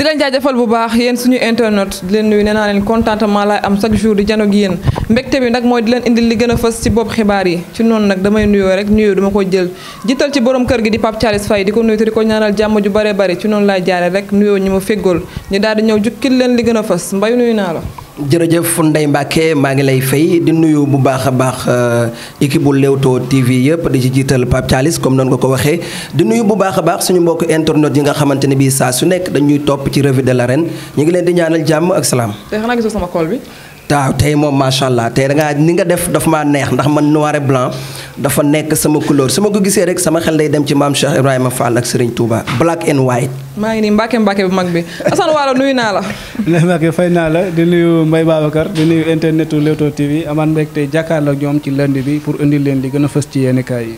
di leen jaajëfal bu baax yéen suñu internet di leen nuyu nee naa leen contentement laay am chaque jour di janoog yéen mbégte bi nag mooy di leen indi li gën a fës ci bopp xibaar yi ci noonu nag damay nuyoo rek nuyoo dama ko jël jiital ci borom kër gi di pap Thialis Faye di ko nuyu te di ko ñaanal jàmm ju bare bari ci noonu laay jaare rek nuyoo ñi ma féggool ñu daal di ñëw jukkil leen li gën a fës mbay nuyu naa la jërëjëf Ndeye Mbacke maa ngi lay fay di nuyu bu baax a baax euh, équipe bu Leewtoo TV yëpp di ci jiital Pape Thialis comme noonu nga ko waxee di nuyu bu baax a baax suñu mbokk internet yi nga xamante ne bii saa su nekk dañuy topp ci revue de ren ñu ngi leen di ñaanal jàmm ak salaam. tey xanaa gisoo sama kool bi. waaw tey moom macha allah tey da ngaa ni nga def dafa ma neex ndax man noir et blanc dafa nekk sama couleur su ma ko gisee rek sama xel day dem ci maam Cheikh Ibrahima Fall ak Serigne Touba maa ngi nii Mbacke Mbacke bu mag bi Assane Wala naa la. Ndeye Mbacke fay naa la di mbay Mbaye Babacar di nuyu internetu Leewtoo TV amaat mbégte jàkkaarloo ak ñoom ci lundi bi pour indi leen li gën a fës ci yenn yi.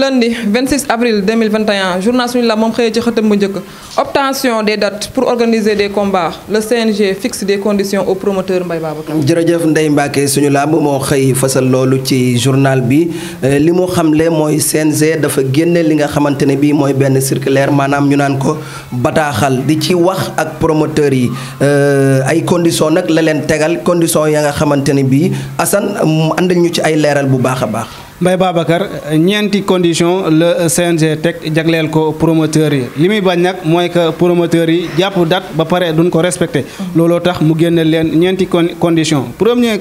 lundi 26 avril 2021 journal suñu la moom xëyee ci xëtam bu njëkk obtention des dates pour organiser des combats le CNG fixe des conditions aux promoteurs Mbaye Babacar. jërëjëf Ndeye Mbacke suñu làmb moo xëy fasal loolu ci journal bi euh, li mu xamle mooy CNG dafa génne li nga xamante ne bii mooy benn circulaire maanaam ñu naan ko bataaxal di ci wax ak promoteurs yi euh, ay conditions nag la leen tegal conditions ya nga xamante ne bii Assane àndal ñu ci ay leeral bu baax a baax. Mbaye Babacar ñeenti condition la CNG teg jagleel ko promoteur yi li muy bañ nag mooy que promoteur yi jàpp date ba pare duñ ko respecté looloo tax mu génne leen ñeenti condition première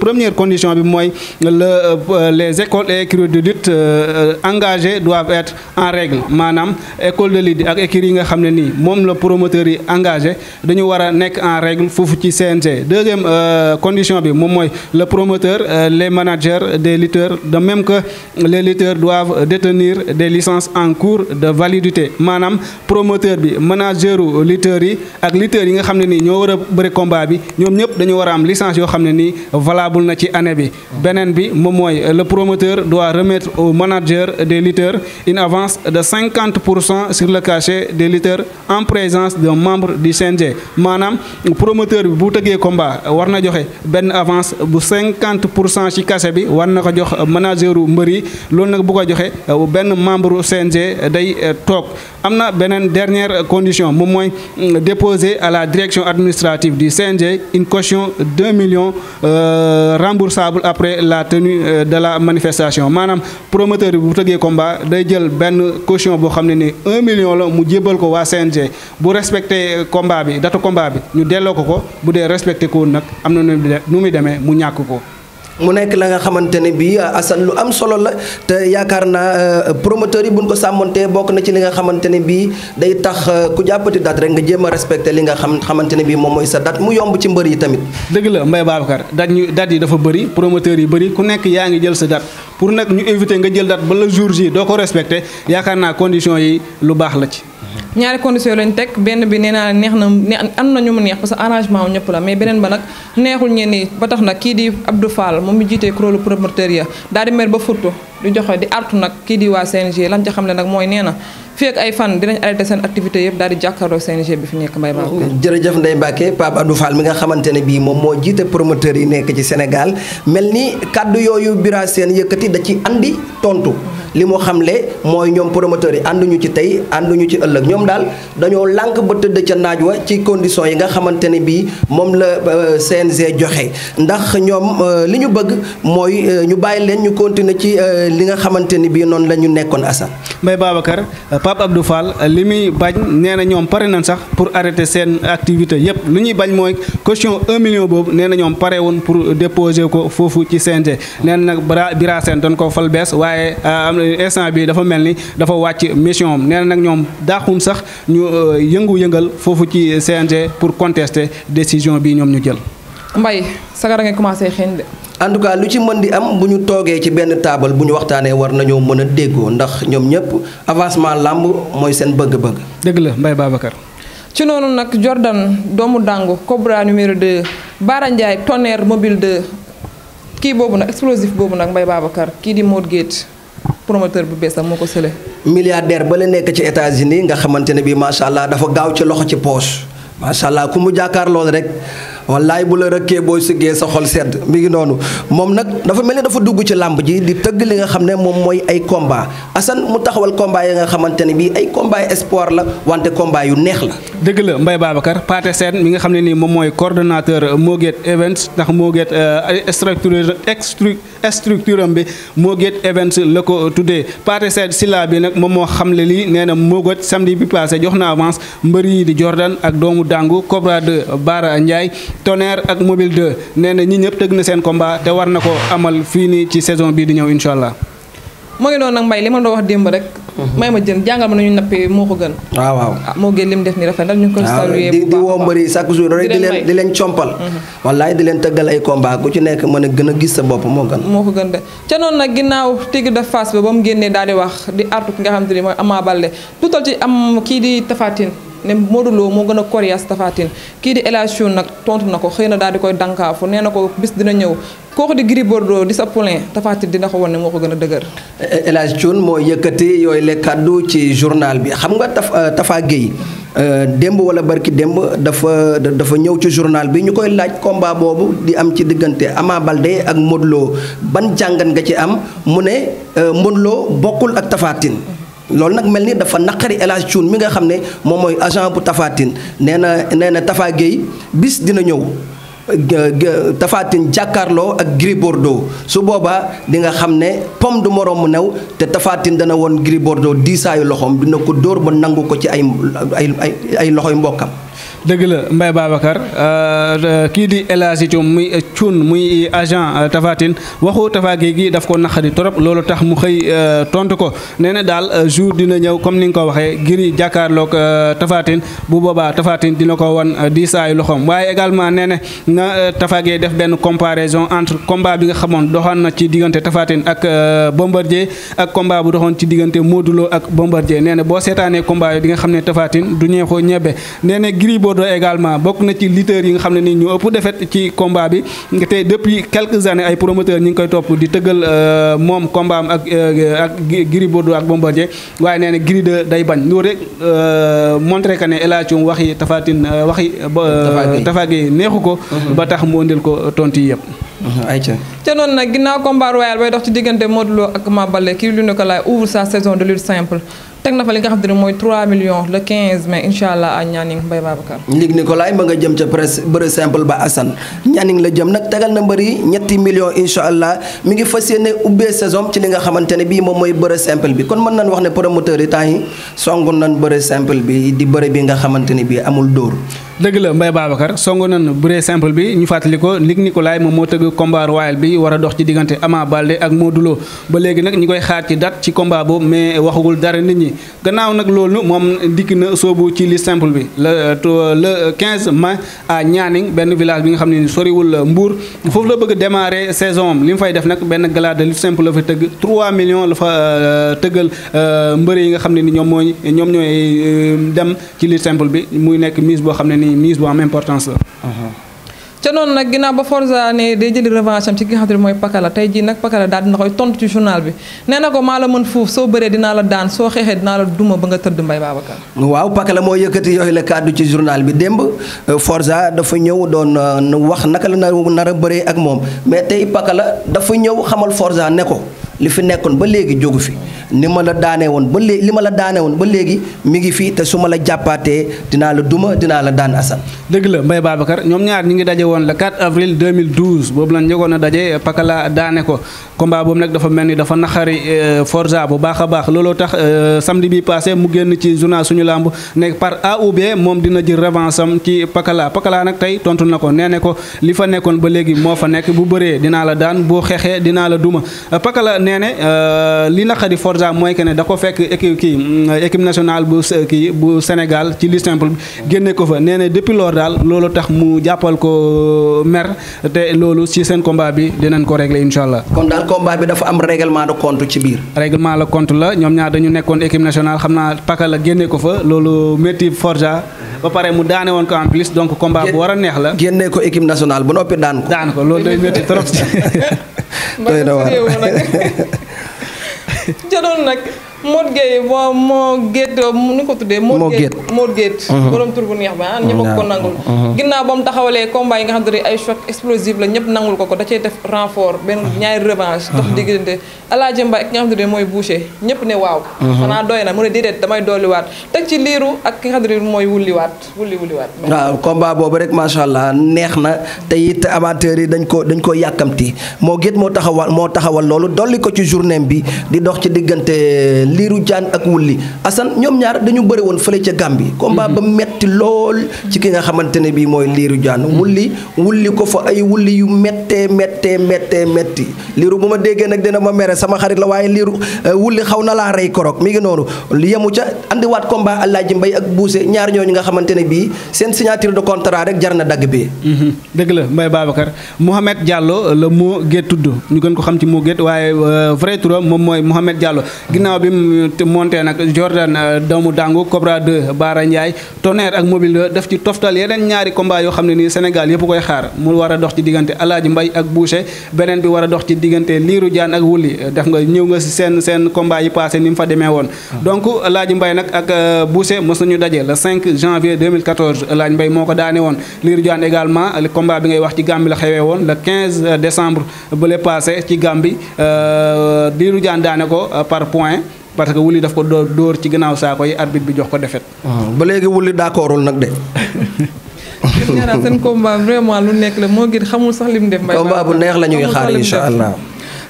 première condition bi mooy le euh, les écoles et écuries de euh, lutte engagées doivent être en maanaam école de ak écuries yi nga xam ne nii moom la promoteur yi engage dañu war nekk en règle foofu ci CNG deuxième euh, condition bi moom mooy le promoteur les managers des lutteurs même que les lutteurs doivent détenir des licences en cours de validité maanaam promoteur bi manageru lutteurs yi ak lutteurs yi nga xam ne nii ñoo war a bëri combat bi ñoom ñëpp dañu war am licence yoo xam ne nii valable na ci année bi beneen bi moom mooy le promoteur doit remettre au manager des lutteurs une avance de 50 pour cent sur le cachet des lutteurs en présence de membre du CNG maanaam promoteur bi bu tëggee combat war na joxe benn avance bu 50 pour cent ci cachet bi war majeuru mbër yi loolu nag bu ko joxe euh, benn membre CNG day euh, toog am na beneen dernière condition moom mooy euh, déposer à la direction administrative du CNG une caution 2 millions remboursable après la tenu de la manifestation maanaam promoteur bi bu tëggee combat day jël benn caution boo xam ne ni 1 million la mu jébbal ko waa CNG bu respecté combat bi date combat bi ñu delloo ko ko bu dee respecté ko nag am na nu muy demee mu ñàkk ko mu nekk la nga xamante ne bii euh, asan lu am solo la te yaakaar naa euh, promoteur yi buñ ko sàmmantee bokk na ci li nga xamante ne bii day tax euh, ku jàppati date rek nga jéem a respecté li nga xam xamante ne bii moom mooy sa dat mu yomb ci mbër yi tamit. dëgg la Mbaye Babacar date ñu date yi dafa bëri promoteur yi bëri ku nekk yaa ngi jël sa date pour nag ñu éviter nga jël date ba la jour J doo ko respecté yaakaar naa condition yi lu baax la ci. ñaari condition lañ teg benn bi nee naa neex na am na ñu mu neex parce que arrangement wu ñëpp la mais beneen ba nag neexul ñenn ñi ba tax nag kii di Abdou Fall moom mi jiitee kuréelu promoteur ya daal di mer ba furtu di joxe di artu nag kii di waa CNG lam ca xam ne nag mooy neena fii ak ay fan dinañ arrêté seen activité yëpp daal di jàkkaarloo CNG bi fi nekk Mbaye Ba. jërëjëf Ndeye Mbacke Pape Adou Fall mi nga xamante ne bii moom moo jiite promoteur yi nekk ci Sénégal mel ni kàddu yooyu Bira Sène yëkkati da ci andi tontu. li mu xamle mooy ñoom promoteurs yi ànduñu ci tey ànduñu ci ëllëg ñoom daal dañoo lànk ba tëdd ca naaj wa ci condition yi nga xamante ne bii moom la euh, CNG joxe ndax ñoom euh, li ñu bëgg mooy euh, ñu bàyyi leen ñu continuer ci li nga xamante ni bii noonu la ñu nekkoon Assane. Pape Abdou Fall li muy bañ nee na ñoom pare nañ sax pour arrêter seen activité yëpp lu ñuy bañ mooy caution un million boobu nee na ñoom pare woon pour déposé ko foofu ci CNG nee na nag bara Bira Sène doon ko fal bees waaye euh, am na instant bi dafa mel ni dafa wàcc mission am nee nag ñoom daaxun sax ñu euh, yëngu-yëngal foofu ci CNG pour contester décision bi ñoom ñu jël. Mbaye sagara nga commencé xëy de. en tout cas lu ci mën di am bu ñu toogee ci benn taabal bu ñu waxtaanee war nañoo mën a déggoo ndax ñoom ñëpp avancement làmb mooy seen bëgg-bëgg. dëgg la Mbaye Babacar. ci noonu nag Jordan doomu dàngu Cobra numéro 2 Bara Ndiaye tonnerre mobile de kii boobu nag explosif boobu nag mbay Babacar kii di Modou Guèye. promoteur bu bees moo ko sële. milliardaire ba la nekk ci États-Unis nga xamante ne bii macha allah dafa gaaw ci loxo ci poche macha allah ku mu jàkkaar rek wallaay bu la rëkkee booy siggee sa xol sedd mi ngi noonu moom nag dafa mel dafa dugg ci làmb ji di tëgg li nga xam ne moom mooy ay combat Assane mu taxawal combat yi nga xamante ne bii ay combat espoir la wante combat yu neex la. dëgg la Mbaye Babacar Pathé Sène mi nga xam ne ni moom mooy moo Moget Events ndax Moget euh, structure structure am bi Moget Events la ko tuddee Pathé Sène Silla bi nag moom moo xam ne lii nee na Moget samedi bi passé jox na avance mbër yi di Jordan ak doomu Dangu Cobra de Bara Ndiaye. tonnerre ak mobile 2 nee na ñi ñëpp tëgg na seen combat te war na ko amal fii nii ci saison bii di ñëw incha moo ngi noonu nag mbay li ma doon wax démb rek. Mhm. may ma jën jàngal ma nañu nappee moo ko gën. waaw waaw ah, moo gën lim def ni rafet nag ñu ko ah, salué bu a mhm. a gis sa de ca noonu nag ginnaaw Tigre de Fass ba ba mu génnee daal di wax di artu ki nga xam te ne mooy Ama Ballé tuutal ci am kii di Tapha ne Modou Lo moo gën a coriace Tapha Tine kii di El Hadj nag tontu na ko xëy na daal di koy dankaafu nee na ko bis dina ñëw kooku di Gris Bordeaux di sa poulain Tapha Tine dina ko wan ne moo ko gën a dëgër. El Hadj moo yëkkati yooyu la kàddu ci journal bi xam nga Tafa euh, Tafa Gueye euh, démb wala barki démb dafa dafa ñëw ci journal bi ñu koy laaj combat boobu di am ci diggante Ama Baldé ak Modou ban jàngat nga ci am mu ne euh, Modou bokkul ak Tapha loolu nag mel ni dafa naqari El Hadj mi nga xam ne moom mooy agent bu tafaatin Tine nee na nee na Tapha bis dina ñëw tafaatin jàkkaarloo ak Gris Bordeaux su boobaa di nga xam ne pomme du moroom mu new te tafaatin Tine dana woon Gris Bordeaux diisaayu loxoom dina ko dóor ba nangu ko ci ay ay ay loxoy mbokkam dëgg la Mbaye Babacar euh, euh, kii di El Hadji Thium muy Thioune muy agent euh, Tapha Tine waxu Tapha Gueye gi daf ko naqari trop loolu tax mu xëy tontu ko nee na daal jour dina ñëw comme ni nga ko waxee giri jàkkaarlook Tapha bu boobaa Tapha dina ko wan di saayu loxoom waaye également nee na na Tapha Gueye def benn comparaison entre combat bi nga xamoon doxoon na ci diggante Tapha Tine ak Bombardier ak combat bu doxoon ci diggante Modou Lo ak Bombardier nee na boo seetaanee combat yi nga xam ne Tapha Tine du ñeexoo ñebe nee Bordeaux bokk na ci lutteurs yi nga xam ne ni ñu ëpp defet ci combat bi te depuis quelques années ay promoteurs ñi ngi koy topp di tëggal euh, moom combat am ak euh, ak Gris Bordeaux ak Bombardier waaye nee na Gris 2 day bañ loolu rek euh, montré que ne El Hadj waxi Tapha Tine waxi Tapha Gueye neexu ko mhm. ba tax mu indil ko tontu yi yëpp mhm. ayca ca noonu nag ginnaaw combat royal bay dox ci diggante Modou ak Ama Baldé kii lu ne ko laay ouvre sa saison de lutte simple teg na fa li nga xam te ne mooy 3 millions le 15 mai incha allah à Nianing Mbaye Babacar. léegi Nicolas ma nga jëm ca presse bëre simple ba Assane Nianing la jëm nag tegal na mbër yi ñetti millions incha allah mi ngi fas yéene ubbee saison ci li nga xamante ne bii moom mooy bëre simple bi kon mën nañ wax ne promoteur yi temps yi songu nañu bëre simple bi di bëre bi nga xamante ne bii amul dóor. dëgg la Mbaye Babacar songu nañu bëree simple bi ñu fàttali ko Luc moom moo tëgg combat royal bi war a dox ci diggante Ama Baldé ak Modou Lo ba léegi nag ñi koy xaar ci date ci combat boobu mais waxagul dara nit ñi gannaaw nag loolu moom dikk na soobu ci li simple bi le euh, le 15 mai à Nianing benn village bi nga xam ne ni soriwul Mbour foofu la bëgg a saison am li mu fay def nag benn gala de lutte simple la fa tëgg 3 millions la fa euh, tëggal euh, mbër yi nga xam ne ni ñoom mooy ñoom ñooy dem ci lutte simple bi muy nekk mise boo xam ni mise bu uh-huh. ca noonu nag ginnaaw ba Forza ne day jëli revanche am ci ki nga xam ne mooy Pakala tey jii nag Pakala daal dina koy tontu ci journal bi nee na ko maa la mën fuuf soo bëree dinaa la daan soo xeexee dinaa la duma ba nga tëdd Mbaye Babacar. waaw Pakala moo yëkkati yooyu la kàddu ci journal bi démb euh, Forza dafa ñëw doon euh, wax naka la nar a bëree ak moom mais tey Pakala dafa ñëw xamal Forza ne ko. li fi nekkoon ba léegi jógu fi ni ma la daanee woon ba li ma la daane woon ba léegi mi ngi fi te su ma la jàppaatee dinaa la duma dinaa la daan asan dëgg la Mbaye Babacar ñoom ñaar ñi ngi daje woon le 4 avril 2012 boobu lañ njëkkoon a daje Pakala daane ko combat boobu nag dafa mel ni dafa naxari euh, Forza bu baax a baax looloo tax euh, samedi bi passé mu génn ci journal suñu làmb nekk par A ou moom dina jël revanche am ci Pakala Pakala nag tey tontu na ko nee ne ko li fa nekkoon ba léegi moo fa nekk bu bëree dinaa la daan boo xeexee dinaa la duma nee ne euh, li naqari Forza mooy que ne da ko fekk équipe kii mm, équipe nationale bu kii bu Sénégal ci li simple génne ko fa nee ne depuis loolu daal loolu tax mu jàppal ko euh, mer te loolu ci seen combat bi dinañ ko régler incha allah. kon daal combat bi dafa am règlement de compte ci biir. règlement de compte la ñoom ñaar dañu nekkoon équipe nationale xam naa paka la génne ko fa loolu métti Forza. ba pare mu daane woon ko en plus donc combat bu war a neex la. génne ko équipe nationale ba noppi daan ko. daan ko loolu day métti trop. doy na waar. jotoon nag. Mor Gueye moo moo gétt ko tuddee. Mor Gueye Mor Gueye. Mhm. borom tur bu ah, a ko nangul. Mhm. ginnaaw ba mu taxawalee combat yi nga xam ne ay choc explosif la ñëpp nangul ko ko da def renfort benn mhm. ñaari revanche. dox diggante Alaaji mooy Boucher ñëpp ne waaw. xanaa doy na mu ne déedéet damay dolliwaat ci liiru ak mooy wulliwaat wulli wulliwaat. waaw combat boobu rek macha allah neex na te it amateurs yi dañ ko dañ ko yàkkamti moo gétt moo taxawal moo taxawal loolu dolli ko ci journée bi di dox ci diggante euh, liiru jaan ak wulli Assane ñoom ñaar dañu bëri woon fële ca Gambie. combat ba metti lool ci ki nga xamante ne bii mooy liiru jaan mm-hmm. wulli wulli ko fa ay wulli yu méttee méttee méttee métti liiru bu ma déggee nag dina ma mere sama xarit la waaye liiru euh, wulli xaw na laa rey korok mi ngi noonu yemu ca andiwaat combat ji Mbay ak Buuse ñaar ñooñu nga xamante ne bii seen signature de contrat rek jar na dagg bi mm-hmm. dëgg la Mbaye Babacar Mouhamed Diallo euh, la moo géet tudd ñu ko xam ci moo géet waaye euh, vrai am monté nag Jordan euh, doomu Dangu Cobra 2 Baara Ndiaye Tonnerre ak Mobile 2 def ci toftal yeneen ñaari combat yoo xam ne nii Sénégal yëpp koy xaar mu war a dox ci diggante Alaaji Mbay ak Boucher beneen bi war a dox ci diggante Liiru Jaan ak Wuli def nga ñëw nga si seen seen combat yi passé ni mu fa demee woon ah. donc Alaaji Mbay nag ak euh, Boucher mos nañu daje la 5 janvier 2014 Alaaji Mbay moo ko daane woon Liiru Jaan également combat bi ngay wax ci Gàmbi la xewee woon le 15 décembre bële passé ci Gàmbi euh, Liiru Jaan daane ko par point parce que wuli daf ko dóor dóor ci gannaaw saako yi arbitre bi jox ko defet ah, ba léegi wuli d'accordul nag de. gis naa seen combat vraiment lu nekk la moo gën xamul sax lim def. mbay combat bu neex la ñuy xaar incha allah.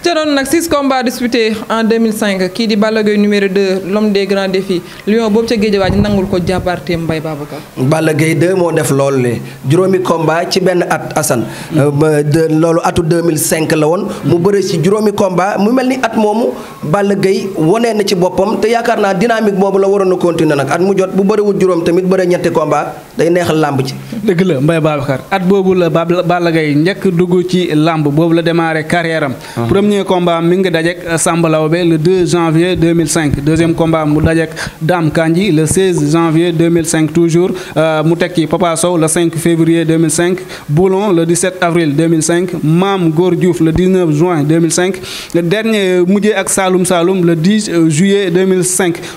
te doon nag six combats disputés en 2005 kii di Balla Gaye numéro 2 l'homme des grands défis lion boobu ca Guédiawaye ji nangul ko jàpparteem Mbaye Babacar. Balla Gaye 2 moo def loolu juróomi combat ci benn at Assane. Euh, loolu atu 2005 la woon. mu bëre ci juróomi combat mu mel ni at moomu Balla Gaye wane na ci boppam te yaakaar naa dynamique boobu la waroon a continuer nag at mu jot bu bëriwul juróom tamit bëre ñetti combat day neexal làmb ci. dëgg la Mbaye boobu la Balla Gaye njëkk dugg ci làmb boobu la démarré carrière premier combat mi ngi dajeek euh, Samba Lawbe le 2 janvier 2005 deuxième combat mu dajeek Dame Kandji le 16 janvier 2005 toujours euh, mu tekki Papa Sow le 5 février 2005 Boulon le 17 avril 2005 Maam Góor Diouf juin 2005 dernier euh, mujjee ak Saloum Saloum le 10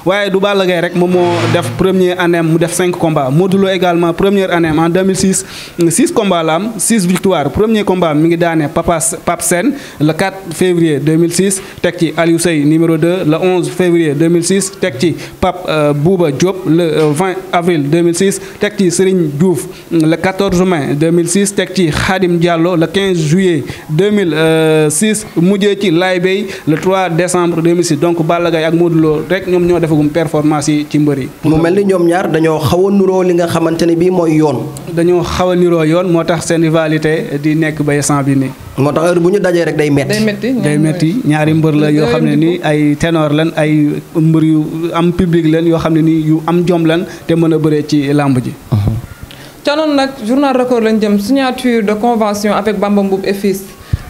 waaye du Balla Gaye rek moom moo def premier année mu def 5 combats Modou Lo également première année en 2006 6 combats la am 6 victoires premier combat mi ngi daane Papa Pape Sène le 4 février 2006 teg ci Aliou Sey numéro 2 le 11 février 2006 teg ci Pape euh, Bouba Diop le 20 euh, avril 2006 teg ci Serigne Diouf le 14 mai 2006 teg ci Khadim Diallo le 15 juillet 2006 euh, mujjee ci laay Bey le 3 décembre 2006 donc Balla Gaye ak Modou Lo rek ñoom ñoo defagum performance yi ci mbër yi. mu mel ni ñoom ñaar dañoo xaw a li nga xamante ne bii mooy yoon. dañoo xaw a niroo yoon moo tax seen rivalité di nekk ba instant bi nii. moo tax heure bu ñu dajee rek day metti day metti ñaari mbër la yoo xam ne nii ay ténor lan ay mbër yu am public lan yoo xam ne nii yu am jom lan te mën a bëree ci làmb ji ca noonu nag journal record lañ jëm signature de convention avec Bamba Mboub et fils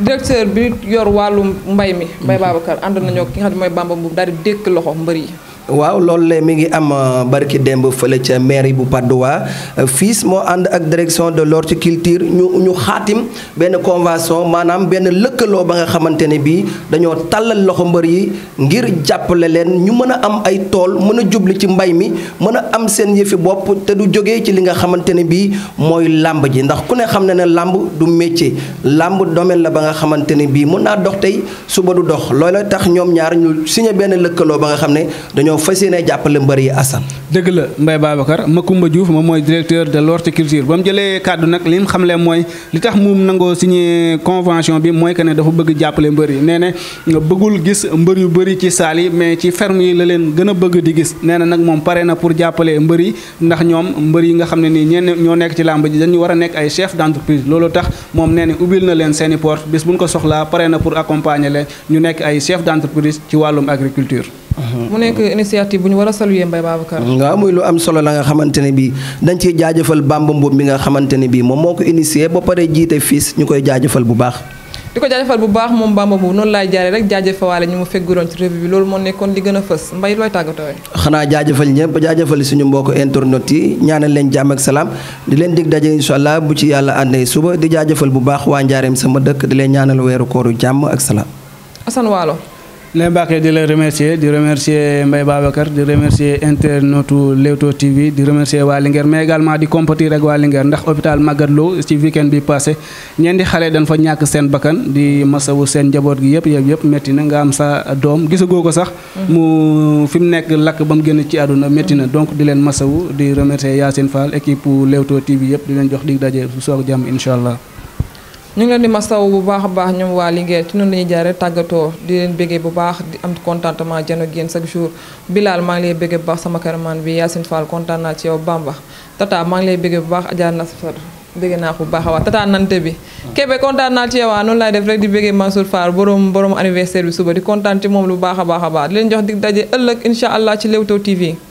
directeur bi yor wàllu mbay mi mbay Babacar ànd nañoo ki nga xam mooy Bamba Mboub daal di dékk loxo mbër yi waaw loolu la mi ngi am euh, barki démb fële ca mairie bu Patte d'Oie euh, moo ànd ak direction de l'horticulture ñu ñu xaatim benn convention maanaam benn lëkkaloo ba nga xamante ne bii dañoo tàllal loxo mbër yi ngir jàppale leen ñu mën a am ay tool mën a jublu ci mbay mi mën a am seen yëfi bopp te du jóge ci li nga xamante ne bii mooy làmb ji ndax ku ne xam ne na làmb du métier làmb domaine la ba nga xamante ne bii mën naa dox tey suba du dox looloo tax ñoom ñaar ñu benn lëkkaloo ba nga xam ne fas yéene jàppale mbër yi Assane. dëgg la Mbaye Babacar Macoumba Diouf moom mooy directeur de l'horticulture ba mu jëlee kàddu nag li mu xamle mooy li tax mu nangoo signé convention bi mooy que ne dafa bëgg jàppale mbër yi nee na bëggul gis mbër yu bëri ci saal yi mais ci ferme yi la leen gën a bëgg di gis nee na nag moom pare na pour jàppale mbër yi ndax ñoom mbër yi nga xam ne nii ñenn ñoo nekk ci làmb ji dañu war a nekk ay chef d'entreprise loolu ta moom nee na ubbil na leen seeni porte bis buñ ko soxlaa pare na pour accompagner leen nekk ay chef d'entreprise ci wàllum agriculture mu nekk initiative bu ñu war a saluer mbay Babacar. waaw muy lu am solo la nga xamante ne bii dañ ciy jaajëfal Bamba Mbow mi nga xamante ne bii moom moo ko initié ba pare jiite fils ñu koy jaajëfal bu baax. di ko jaajëfal bu baax moom Bamba Mbow noonu laay jaaree rek jaajëfawaale ñu ma fegguloon ci revue bi loolu moo nekkoon li gën a fës Mbaye looy tàggatoo. xanaa jaajëfal ñëpp jaajëfal suñu mbokk internet yi ñaanal leen jàmm ak salaam di leen dig daje incha allah bu ci yàlla àndee suba di jaajëfal bu baax waa Njaareem sama dëkk di leen ñaanal weeru kooru jàmm ak salaam. Assane ne Mbacke di la remercier di remercier Mbaye Babacar di remercier internetu Leewtoo TV di remercier waa Linguère mais également di compatir ak waa Linguère ndax hôpital Magatte Lô ci weekend bi passé ñeen di xale dañ fa ñàkk seen bakkan di masawu seen njaboot gi yëpp yëpp yëpp métti na nga am sa doom gisagoo ko sax mm-hmm. mu fi mu nekk lakk ba mu génn ci àdduna métti na donc di leen masawu di remercier Yacine Fall équipe Leewtoo TV yëpp di leen jox dig daje su soog jàmm incha allah ñu ngeen leen di saw bu baax a baax ñoom waa Linguère ci noonu la ñuy jaare tàggatoo di leen béggee bu baax di am contentement jano ak yéen jour Bilal maa ngi lay béggee bu baax sama karamaan bi Yacine Fall kontaan naa ci yow Bamba Tata maa ngi lay béggee bu baax Adja Nasfar bëgg naa ko bu baax a waa tata nante bi ah. Kébé kontaan naa ci yow noonu laay def rek di bëggee Mansour Fall borom borom anniversaire bi suba di kontaan ci moom lu baax a baax a baax di leen jox dig daje ëllëg incha allah ci Leewtoo TV